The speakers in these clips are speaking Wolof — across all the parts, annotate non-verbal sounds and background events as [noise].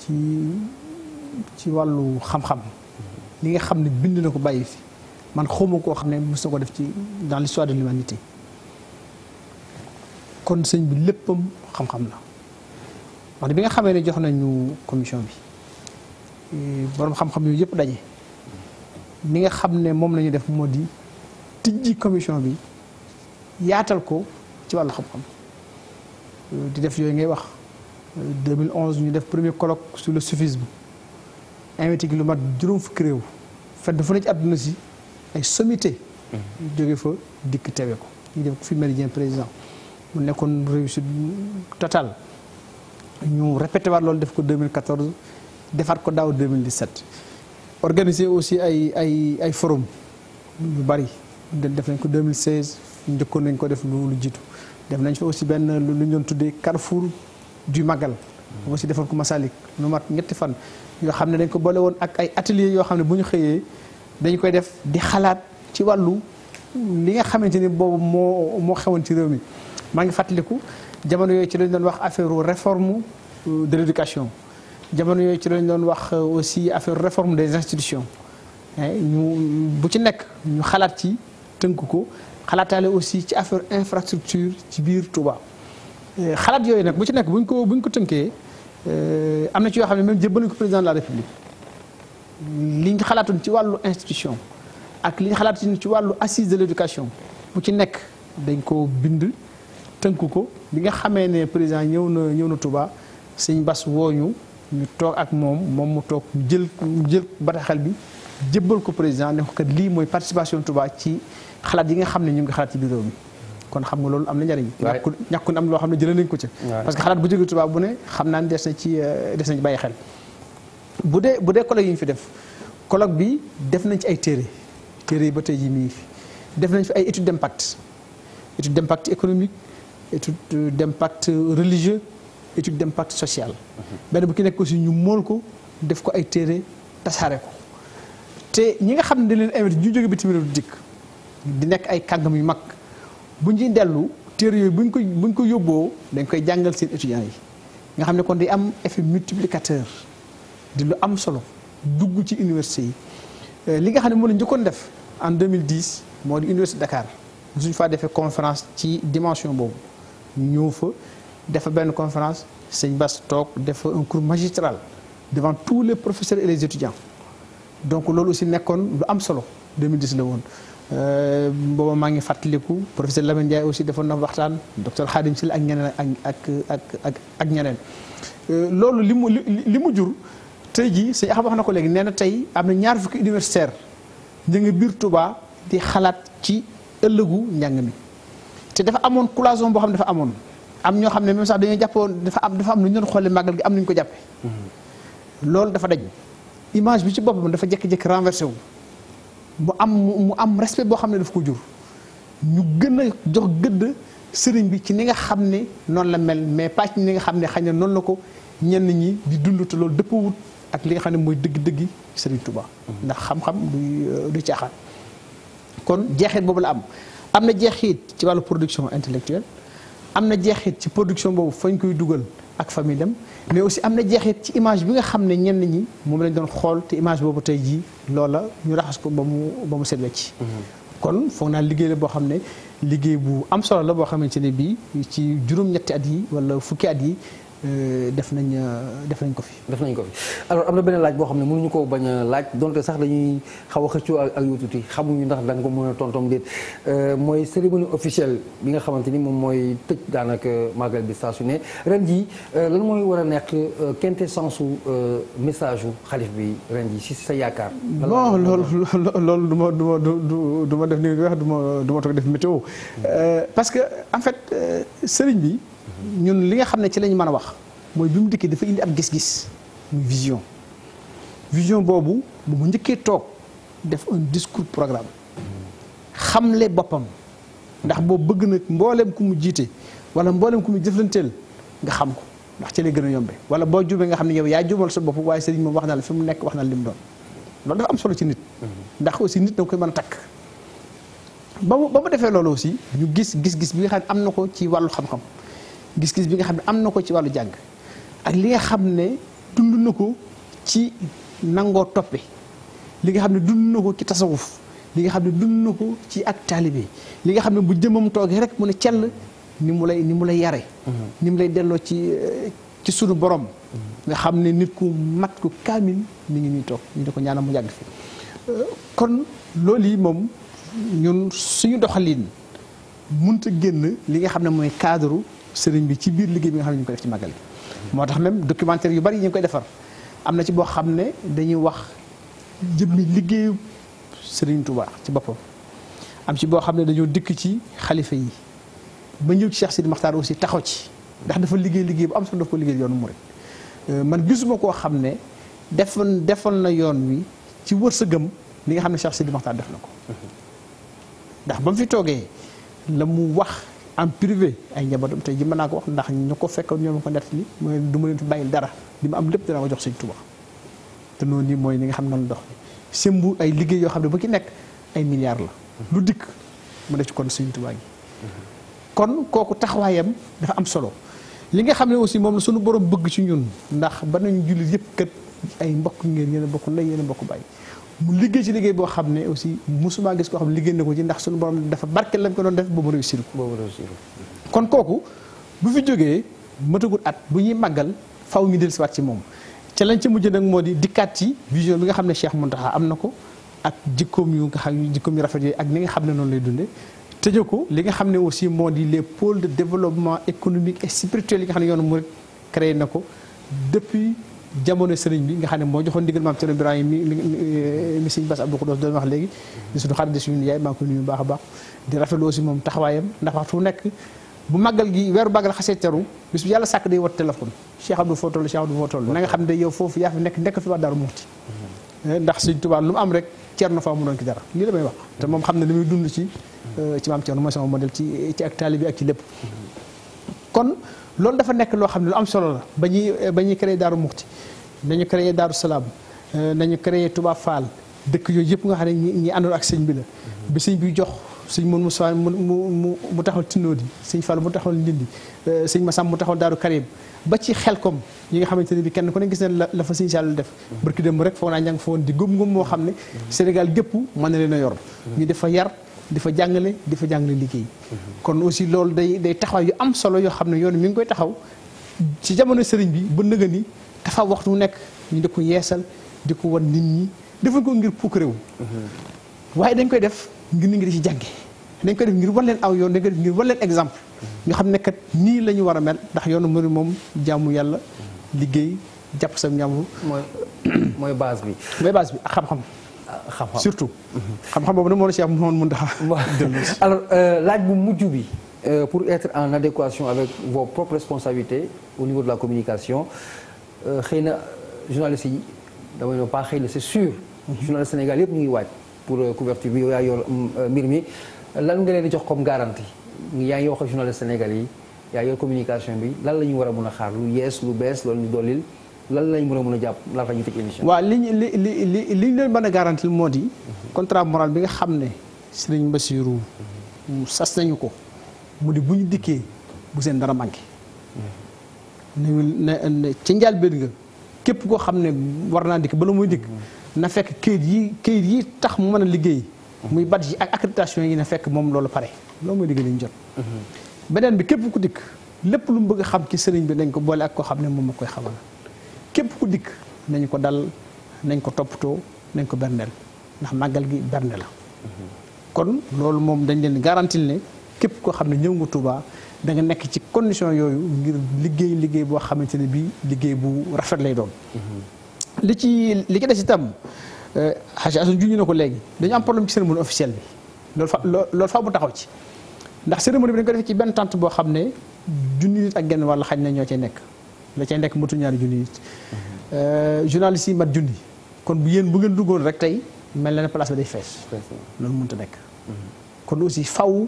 ci ci wàllu xam-xam li nga xam ne bind na ko bàyyi fi man xawma koo xam ne mos na ko def ci dans l'histoire de l'humanité kon sëñ bi léppam xam-xam la wax bi nga xamee ne jox nañu commission bi eh, borom xam-xam yooyu yëpp daje ni nga xam ne moom la def moo di tijji commission bi yaatal ko ci wàllu xam-xam eh, di def yooyu ngay wax mille 2011 ñu def premier colloque sur le soufisme invité gi lu mat juróom fukki réew fedd fu ne ci àdduna si ay sommité mm-hmm. jóge fa dikk tewe ko ñu def ko fi Méridien président mu nekkoon réussite totale ñu répété waat loolu def ko 2014 defaat ko daaw 2017 organiser aussi ay ay ay forum yu bari def nañ ko 2016 njëkkoon nañ ko def lu lu jiitu def nañ fa aussi benn lu ñu doon tuddee Carrefour du Magal. boobu si defoon ko Masalik lu mat ñetti fan. yoo xam ne dañ ko boole woon ak ay atelier yoo xam ne bu ñu xëyee dañ koy def di xalaat ci wàllu li nga xamante ni boobu moo moo xewoon ci réew mi. maa ngi fàttaliku jamono yooyu ci lañ doon wax affaire réforme euh, de l'éducation jamono yooyu ci lañ doon wax euh, aussi affaire réforme des institutions eh, ñu bu ci nekk ñu xalaat ci tënk ko xalaataale aussi ci affaire infrastructure ci biir Touba. xalaat yooyu nag bu ci nekk buñ ko buñ ko tënkee euh, am na ci yoo xam ne jëbbal jébbaluñ ko président de la république liñ xalaatu ci wàllu institution ak liñ xalaatoon ci wàllu assise de l'éducation bu ci nekk dañ ko bind tënk ko bi nga xamee ne président ñëw na ñëw na tubaa sëñ Bas wooñu ñu toog ak moom moom mu toog mu jël mu jël bataaxal bi jébbal ko président ne ko kat lii mooy participation tubaa ci xalaat yi nga xam ne ñoom ngi xalaat ci biir bi kon xam nga loolu am na njëriñ ñàkkul ñàkkul am loo xam ne jëlee ko ci parce que xalaat bu jóge tubaab bu ne xam naa ne des na ci euh, des nañ bàyyi xel bu dee bu dee colloque yi ñu fi def colloque bi def nañ ci ay téere téere yi ba tey jii mi fi def nañ fi ay étude d'impact étude d'impact économique étude d'impact religieux étude d'impact social mhm. benn bu ki nekk aussi ñu mool ko def ko ay téere tasaare ko te ñi nga xam ne dañ leen invité ñu jóge bitim réew di dikk di nekk ay kàngam yu mag bu ñu dellu téere yooyu bu ñu ko bu ko yóbboo dañ koy jàngal seen étudiants yi nga xam ne kon di am effet multiplicateur di lu am solo dugg ci université yi euh, li nga xam ne moom la njëkkoon def en 2010 moo di université Dakar suñu faa defee conférence ci dimension boobu ñu ñëw fa defa benn conférence sëñ Bass toog defa un cours magistral devant tous les professeurs et les étudiants donc loolu si nekkoon lu am solo 2010 la woon Euh, booba maa ngi fàttaliku professeur Lamine Ndiaye aussi defoon na waxtaan docteur Khadim Sylla ak ñeneen ak ak ak ak ñeneen euh, loolu li mu li mu jur tey jii sëñ Axam wax na ko léegi nee na tey am na ñaar fukki universitaire ñu biir tubaa di xalaat ci ëllëgu njàng mi te dafa amoon cloison boo xam ne dafa amoon am ñoo xam ne même sax dañoo jàppoon dafa am dafa am lu ñu doon xoolee màggal gi am nañu ko jàppe mm-hmm. loolu dafa daj image bi ci boppam dafa jékki-jékki renversé wu bu am mu am respect boo xam ne dafa ko jur ñu gën a jox gëdd sëriñ bi ci ni nga xam ne noonu la mel mais pas ci ni nga xam ne xañ na noonu la ko ñenn ñi di dund te loolu dëppawut ak li nga xam ne mooy dëgg-dëggi sëriñ Touba. Mm-hmm. ndax xam-xam du euh, du caaxaan. kon jeexit boobu la am am na jeexit ci wàllu production intellectuelle am na jeexit ci production boobu fañ koy dugal ak famille dem mais aussi am na jeexit ci image bi nga xam ne ñenn ñi moom lañ doon xool te image boobu tey jii loola ñu raxas ko ba mu ba mu set wecc mm-hmm. kon foog naa liggéey la boo xam ne liggéey bu am solo la boo xamante ne bii ci juróom-ñetti at yi wala fukki at yi Euh, def nañ euh, def ko fi. def nañ ko fi alors am na beneen laaj boo xam ne mënuñu koo bañ a laaj donte sax dañuy xaw a xëccoo ak yow tuuti xamuñu ndax da nga ko mën a tontom déet euh, mooy cérémonie officielle bi nga xamante ni moom mooy tëj daanaka màggal bi saa su ne ren jii lan mooy war a nekk quintessence su message wu xalif bi ren jii si sa yaakaar. bon loolu loolu du ma du ma du du ma def ni nga wax du ma ma toog def météo. parce que en fait sëriñ bi. ñun li nga xam ne ci lañ mën a wax mooy bi mu dikkee dafa indi ab gis-gis muy vision vision boobu bu mu njëkkee toog def un discours programme xamle boppam ndax boo bëgg nag mbooleem ku mu jiite wala mbooleem ku mu jëflanteel nga xam ko ndax ci lay gën a yombe wala boo jubee nga xam ne yow yaa jubal sa bopp waaye sëriñ moom wax na fi mu nekk wax na li mu doon loolu dafa am solo ci nit ndax aussi nit da koy mën a takk ba mu ba defee loolu aussi ñu gis gis-gis bi nga am na ko ci wàllu xam gis-gis bi nga xam ne am na ko ci wàllu jàng ak li nga xam ne dund na ko ci nangoo toppe li nga xam ne dund na ko ci tasawuf li nga xam ne dund na ko ci ak taalibe li nga xam ne bu jëmam toogee rek mu ne cell ni mu lay ni mu lay yare mhm. ni mu lay delloo ci ci sunu borom mhm. nga xam ne nit ku mat ku kaamil mu ngi ñuy toog ñu ne ko ñaanal mu yàgg fi kon loolu yi moom ñun suñu doxalin munta génn li nga xam ne mooy cadre sëriñ bi ci biir liggéey bi nga xam ne ñu ko def ci màggal gi moo tax même documentaire yu bari ñu koy defar am na ci boo xam ne dañuy wax jëmmi liggéeyu sëriñ Touba ci boppam am ci boo xam ne dañoo dikk ci xalifa yi ba ñëw ci Cheikh Sidi Maxtaar aussi taxaw ci ndax dafa liggéey liggéey bu am solo dafa ko liggéey yoonu rek euh, man gisuma koo xam ne def defoon na yoon wi ci wërsëgam li nga xam ne Cheikh Sidi Maxtaar def na ko ndax ba mu fi toogee la mu wax en privé ay njabootam tey ji mën naa ko wax ndax ñu ko fekkoon ñoo ma ko nett li mooy du ma leen fi bàyyil dara li ma am lépp danaa ko jox sëñ Tuuba te noonu nii mooy li nga xam noonu dox sembu ay liggéey yoo xam ne ba ki nekk ay milliards la lu dikk mu def ci kon sëñ Tuuba gi kon kooku taxawaayam dafa am solo li nga xam ne aussi moom la suñu borom bëgg ci ñun ndax ba nañu jullit yëpp kat ay mbokk ngeen yéen a bokk ndey yéen a bokk bàyyi mu liggéey ci liggéey boo xam ne aussi musuma gis koo xam ne liggéey na ko ci ndax suñu borom dafa barkeel lañ ko doon def ba mu réussir ko kon kooku bu fi jógee matagul at bu ñuy màggal faw ñu dellusiwaat ci moom ca lañ ca mujj nag moo di dikkaat ci vision bi nga xam ne Cheikh Mountakha am na ko ak jikkoom yu nga xam jikkoom yu rafet ak ni nga xam ne noonu lay dunde tëjee ko li nga xam ne aussi moo di les pôles de développement économique et spirituel yi nga xam ne yoonu murid créé na ko depuis jamono sëriñ bi nga xam ne moo joxoon ndigal maam Thierno Ibrahima mi eh, mi sëriñ Bass Abdou Khoudoss doon wax léegi di suñu xarit di suñu yaay maa ngi koy nuyu baax a baax di rafetlu aussi moom taxawaayam ndax waxtu nekk bu magal gi weeru màggal xasee teru bis bi yàlla sàkk day wat téléphone Cheikh Abdou foo toll Cheikh Abdou foo toll na nga xam ne yow foofu yaa fi nekk nekk fi waa eh, ndax sëriñ Tuubaa lu mu am rek Thierno faa mu doon ki dara lii la may wax te moom xam ne li muy dund ci eh, ci maam Thierno mooy sama modèle ci ak taalibe bi ak ci lépp loolu dafa nekk loo xam ne lu am solo la ba ñuy ba ñuy créé Daaru Muxti nañu créé Daaru Salaam euh, nañu créé tubaab Fall dëkk yooyu yëpp nga xam ne ñi àndoon ak sëñ bi la bi sëñ bi jox sëñ mën Moussa mu mu mu taxal Tindóodi sëñ Fall mu taxal Ndindi euh, sëñ Massam mu taxal Daaru Karim ba ci xel xelkom yi nga xamante ne bi kenn ku ne gis na la fa sëñ Sall def barki démb rek foog naa ña nga fa di gum-gum moo xam ne Sénégal gépp man a leen a yor ñu def fa yar di fa jàngale di fa jàngale liggéey. kon aussi loolu day day taxaw yu am solo yoo xam ne yoon mi ngi koy taxaw ci jamono sëriñ bi ba nëgë ni dafa waxtu nekk ñu di ko yeesal di ko wan nit ñi defuñ ko ngir puuk réew. waaye dañ koy def ngir nit ngi di ci jànge dañ koy def ngir wan leen aw yoon dañ koy def ngir wan leen exemple. ñu xam ne kat nii la ñu war a mel ndax yoonu moom jàmmu yàlla liggéey jàpp sa njàmbur. mooy mooy base bi. mooy base bi ak xam-xam. xam-xam surtout. xam-xam boobu nag moo la Cheikh Mouhamadou Mountakha. [laughs] alors euh, laaj bu mujj bi euh, pour être en adéquation avec vos propres responsabilités au niveau de la communication euh, xëy na journaliste yi damay noo pas xëy na c'est sûr. Mhm. journaliste Sénégal yëpp ñu ngi waaj pour couverture bi yow yaa yor mm, mbir mi lan nga leen di jox comme garantie yaa ngi wax ak Sénégal yi yaa yor communication bi lan la ñu war a mun a xaar lu yees lu bees loolu ñu dollil. lan lañ mën a mën a jàpp laata ñu tëj émission waaw li li li li li ñu leen mën a garantil moo di contrat moral bi nga xam ne Serigne Bassirou sas nañu ko mu di bu ñu dikkee bu seen dara manqué ne ca njëlbéen nga képp koo xam ne war naa dikk bala muy dikk na fekk këyit yi këyit yi tax mu mën a liggéey muy badge yi ak accréditation yi na fekk moom loolu pare loolu mooy liggéey lañu jot mhm. beneen bi képp ku dikk lépp lu mu bëgg xam ki sëriñ bi dañ ko boole ak koo xam ne moom ma koy xamal ku dikk nañ ko dal nañ ko toppatoo nañ ko berndeel ndax màggal gi bernde la kon loolu moom dañ leen garantil ne képp koo xam ne ñëw nga Touba da nga nekk ci condition yooyu ngir liggéey liggéey boo xamante ne bii liggéey bu rafet lay doon ci li ci des itam xaj euh, asun juñu na ko léegi dañu am problème ci cérémonie officielle bi loolu fa loolu fa bu taxaw ci ndax cérémonie bi dañ ko defee ci benn tànt boo xam ne junni nit ak genn wàll xañ na ñoo cee nekk la cay nekk matu ñaari junni nit Euh, journaliste yi mat junni kon bu yéen bu ngeen duggoon rek tey mel na ne place bi day fees. loolu mun a nekk. kon aussi faw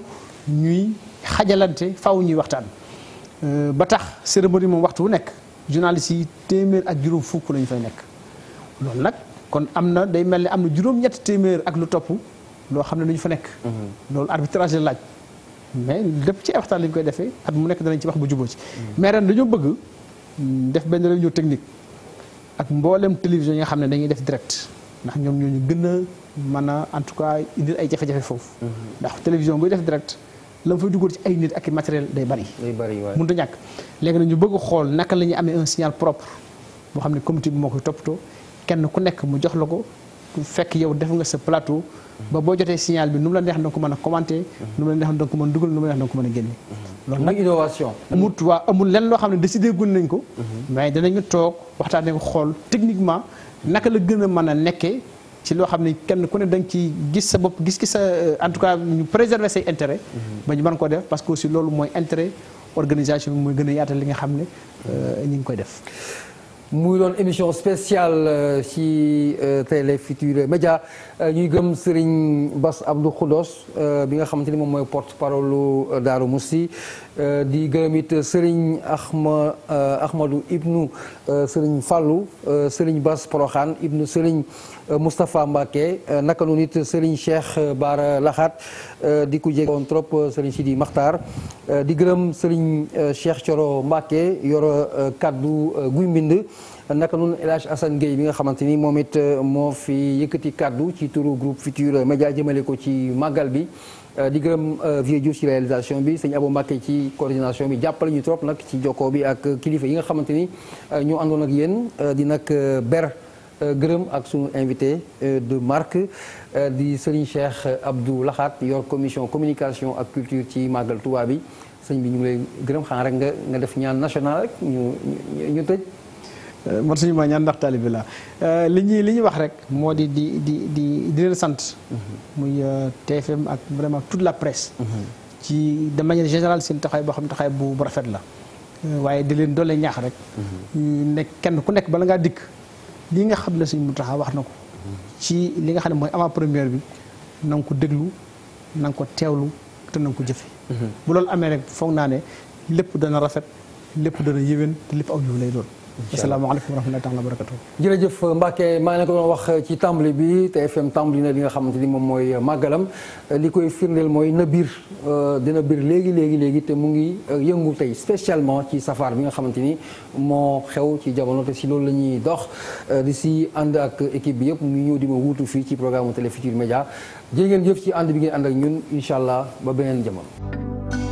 ñuy xajalante faw ñuy waxtaan. Euh, ba tax cérémonie moom waxtu wu nekk journaliste yi téeméer ak juróom fukk lañu fay nekk loolu nag kon am na day mel ne am na juróom-ñetti ak lu topp loo xam ne dañu fa nekk. Mhm. loolu arbitrage la laaj. mais lépp ci waxtaan lañ koy defee at mu nekk danañ ci wax bu jubo ci. Mhm. mais ren dañoo bëgg mm, def benn réunion technique. ak mboolem télévision yi nga xam ne dañuy def direct ndax ñoom ñoo ñu gën a mën a en tout cas indil ay jafe-jafe foofu. Mm-hmm. ndax télévision buy def direct la mu fay dugal ci ay nit ak matériel day bari. day bari waaye mënut a ñàkk léegi nag ñu bëgg xool naka la ñuy amee un signal propre boo xam ne comité bi moo koy toppatoo kenn ku nekk mu jox la ko. fekk yow def nga sa plateau ba boo jotee signal bi nu mu la neex da nga ko mën a commenter nu mu la neex da nga ko mën a dugal nu mu la neex da nga ko mën a génne loolu nag innovation amul lenn loo xam ne décidé gun nañ ko mhm. mais danañu toog waxtaanee ko xool techniquement naka la gën a mën a nekkee ci loo xam ne kenn ku ne da nga ci gis sa bopp gis ki sa euh, en tout cas ñu préserver say intérêt mhm. ba ñu mën ko def parce que si loolu mooy intérêt organisation bi mooy gën a yaatal li nga xam ne euh, ñu ngi koy def muy doon émission spéciale euh, ci euh, Télé Futurs média euh, ñuy gëm Serigne Bass Abdou Khoudoss bi nga xamante ni moom mooy porte parole Daaru Musti di gërëm it Serigne Ahma Ahmadou ibnu Serigne Fallou Serigne Bass Porokhane ibnu Serigne Moustapha Mbacké naka noonu it Serigne Cheikh Bara Laxaat di ku jegoon trop Serigne Sidi Makhtar di gërëm Serigne Cheikh Thioro Mbacké yor kaddu guy mbind naka noonu El Hadj Assane Gueye bi nga xamante ni moom it euh, moo fi yëkkati kàddu ci turu groupe Futur Média jëmale ko ci màggal bi euh, di gërëm euh, Vieux Diouf ci réalisation bi sëñ Abou Mbacké ci coordination bi jàppale ñu trop nag ci jokko bi ak kilifa yi nga xamante ni ñoo àndoon ak yéen di nag ber gërëm ak sunu invité de marque di Serigne Cheikh Abdou Lahat yor commission communication ak culture ci màggal tubaab bi sëñ bi ñu ngi gërëm xanaa rek nga nga def ñaan national ñu ñu Euh, man suñu ma ñaan ndax taalibi la euh, li ñuy li ñuy wax rek moo di di di di di leen sant. Mhm. muy euh, TFM ak vraiment tout la presse. Mhm. ci de manière générale seen taxawaay boo xam ne taxawaay bu rafet la. waaye di leen doole ñaax rek. Mhm. ne kenn ku nekk bala ngaa dikk li nga xam ne suñu mu taxaw wax na ko. ci li nga xam ne mooy avant première bi na ko déglu nang ko teewlu te na ko jëfe bu loolu amee rek foog naa ne lépp dana rafet lépp dana yéwén te lépp aw yiw lay doon. asalaamaaleykum wa rahmatulah wa barakatu jërëjëf Mbacke maa ngi leen ko doon wax eh, ci tàmbali bi te FM tàmbali na li nga xamante ni moom mooy eh, màggalam eh, li koy firndeel mooy na biir dina biir léegi léegi léegi te mu ngi yëngu tey spécialement ci safaar bi nga xamante ni moo xew ci jamono te si loolu la ñuy dox di si ànd ak équipe bi yëpp mu ngi ñëw di ma wuutu fii ci programme Télé Futurs média jërë ngeen jëf ci ànd bi ngeen ànd ak ñun incha allah ba beneen jamono.